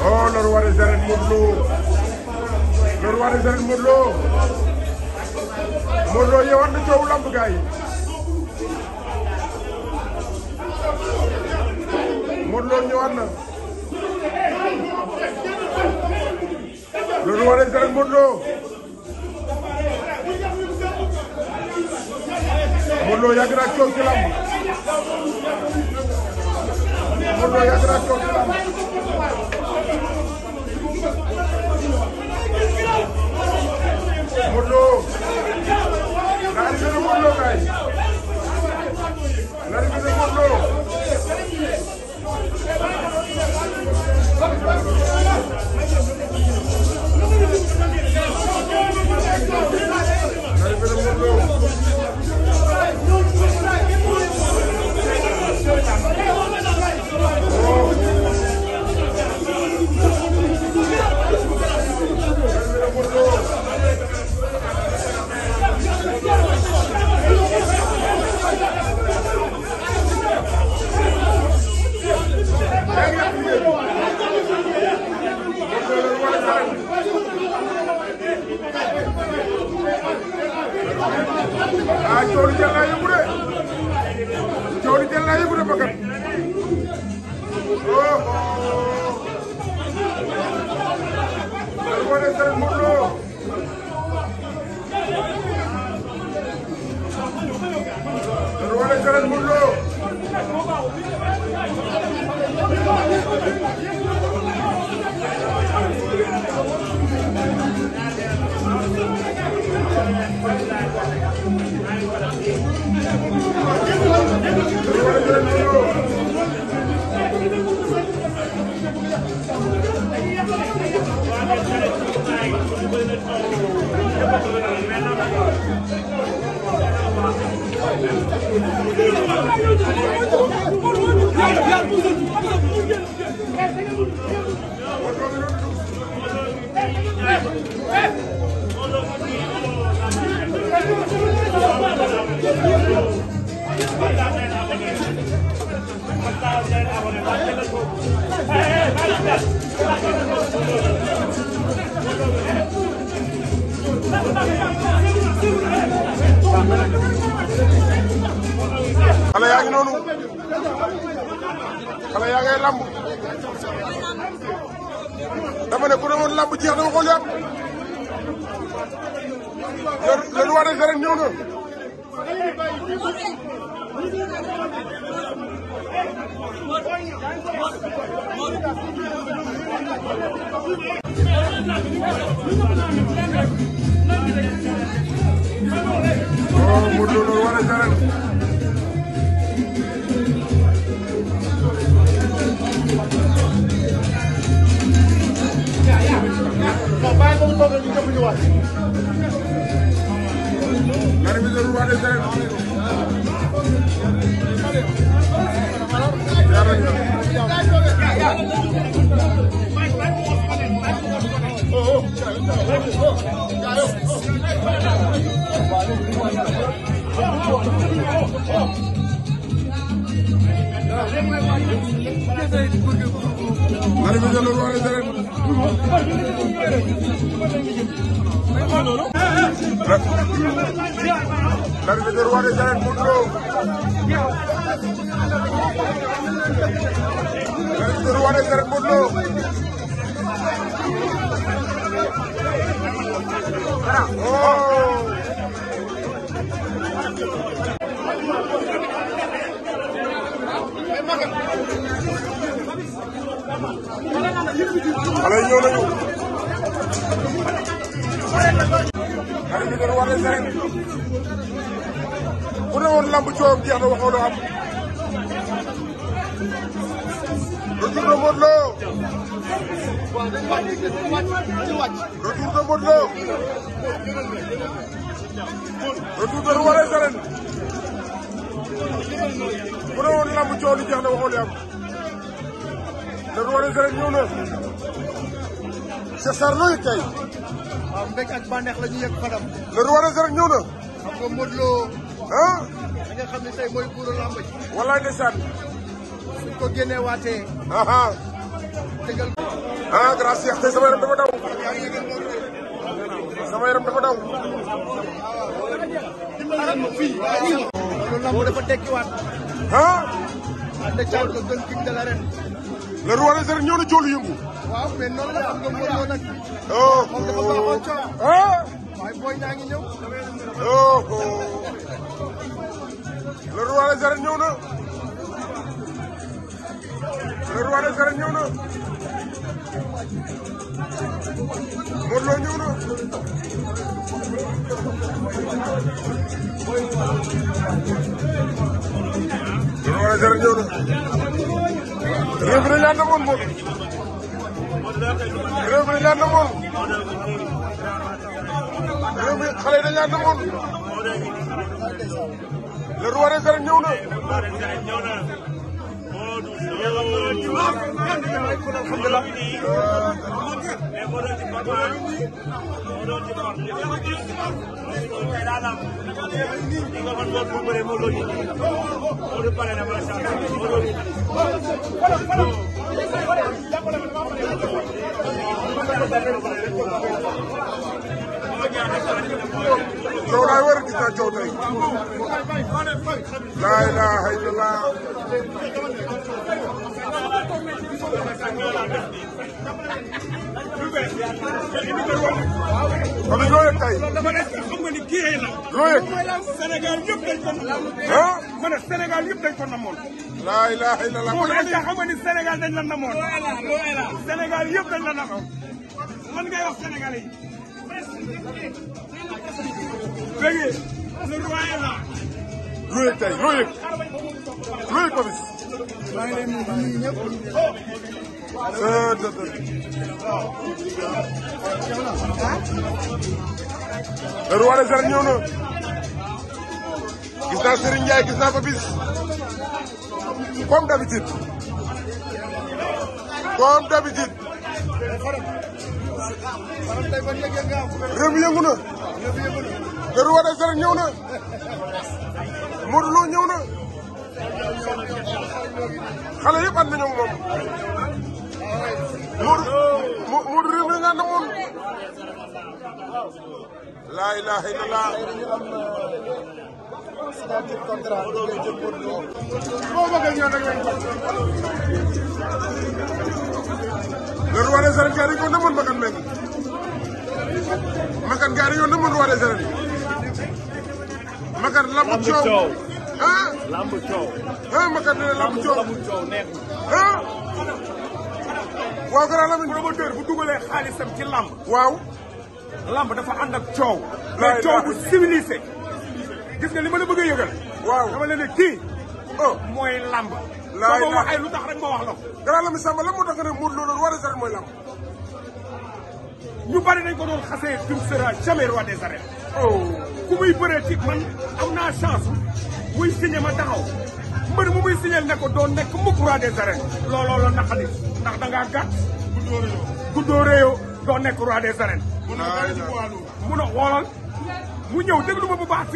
oh loolu war a jëriñ Modou Lo loolu a jëriñ Modou Lo Modou Lo yeewaat na coow lamb gaay yi Modou Lo ñëwaat na loolu a jëriñ Modou Lo Modou Lo yàgg na Morlo, xale yaa ngi noonu xale yaa ngay làmb dama ne ku demoon làmb jeex dama ko jàpp le le roi des arènes ñëw na. Thank you. oo Modou Lo war a jaral Oh, oh, oh, oh, oh, oh, oh, oh, Permitir wari jalan mundur. Permitir wari jalan mundur. xale yi ñëw nañu. xale bi doon wane seen. bu ne woon lamb coow jeex na waxoon am. retour de Modou Lo. retour de Modou Lo. retour de wane seen. bu ne woon lamb coow jeex na waxoon am. le roi des arènes ñëw na Cheikh la ñuy yëg Fadam. le roi des arènes ñëw na. xam nga Modou Lo. ko génnee waatee. le roi des arènes ñëw na joolu yëngu. waaw mais la xam nga mënoo nag. oh moom dafa baaxoo coono. Ah. waaye booy réew mi leer na moom moom réew mi leer na moom réew mi xale yi dañu leer na moom le roi des arènes ñëw na. alhamdulilah. మొదటి పర్వ మొదటి Jawda war gis naa jawda yi. laa ilaaha illallaah kon loo yëg tey. dama ne xam nga ni kii la. loo yëg Sénégal yëpp dañ ko namoon. ah ma ne Sénégal yëpp dañ ko namoon. laa ilaaha illallaah. kon est-ce que xam nga ni Sénégal dañ la namoon. Sénégal yëpp dañ la namoon. man ngay wax Sénégalais yi. léegi le roi est là. looy tey looy yëg looy ko bis. maa ngi leen di nuyu ñëpp. le roi des arènes ñëw na. gis naa Serigne Ndiaye gis naa ko bis. comme d'habitude. comme d'habitude. réew mi yëngu Modou Lo ñëw na xale yëpp ànd nañu ak moom Modou Modou réew mi nga namoon laa ilaha illallah signature contrat boo bëgg a ñëw nag lañ le roi des arènes gaari ko namoon makan meen makan gaari yoo namoon roi des arènes Makar lamb coow ah. lamb coow. ah Makar nee na lamb coow lamb coow neexul. ah. waaw gannaaw lamb. dafa ànd ak coow. mais coow bu civilisé. gis nga li ma la bëgg a yëgal. a dama leen oh. lamb. laay la soo ma wax ay lu tax rek ma wax loolu war a sax mooy lamb. ñu bari nañ ko doon xasee tu ne seras jamais Oh, ku muy bëree ci man am naa chance muy signé ma taxaw mbër mu muy signé ne ko doo nekk mukk roi des arènes looloo la naqali ndax da ngaa gàtt guddoo réew doo nekk roi des arènes mun a xoolal mu ñëw déglu ma bu baax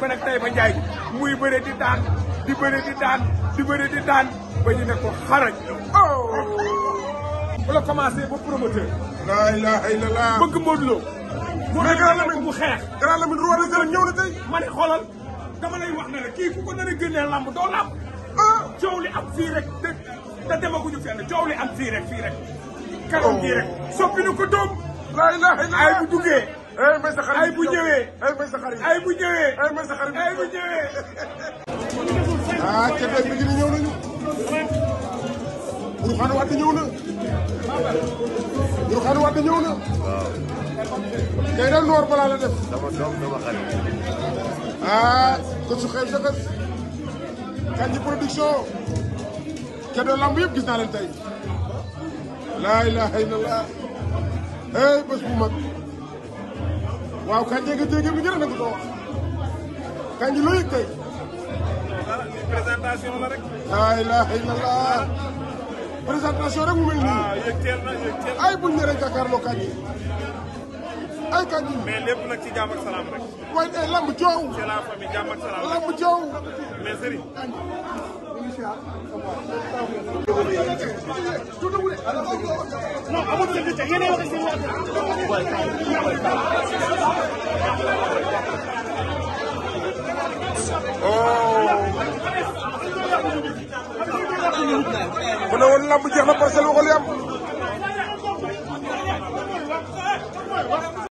man ak Taïba Ndiaye muy bëre di daan di bëre di daan di bëre di daan ba ñu ne ko xarañ. bu oh! la commencé ba promoteur. la ilaha illallah bëgg Modou Lo. mais Grand Lamine bu xeex. Grand Lamine roi des arènes ñëw na tey. ma ne xoolal dama lay wax ne la kii ku ko nar a génnee lamb doo lamb. ah coow li am fii rek te te demaguñu fenn coow li am fii rek fii rek. kanam gii rek oh. soppi na ko doom. la ilaha illallah ay bu duggee. ay may sa xarit ay bu ñëwee. ay may sa xarit ay bu ñëwee. ay may sa xarit ay bu ñëwee. ah ca tey bi ñëw nañu. Bourkhane Wade ñëw na. Bourkhane Wade ñëw na. waaw. tey daal noor balaa la def. dama doom dama xarit. ah ko su xeeb sa kër. Kandji production. ca doo lamb yëpp gis naa leen tey. laa ilaaha illallah. hey bés bu mag. waaw kañ jéeg jéeg yëpp njëriñ la ko wax kañ ji loo yëg tey. présentation rek. la ilaha nii. Ah, na ay buñ ne rek jàkkaarloo kañ yi ay kañ yi. mais ci eh, jàmm ak salaam lamb coow. la famille jàmm ak lamb coow. mais Serigne. Oh. mu ne woon lamb jeex na parcelle waxal yam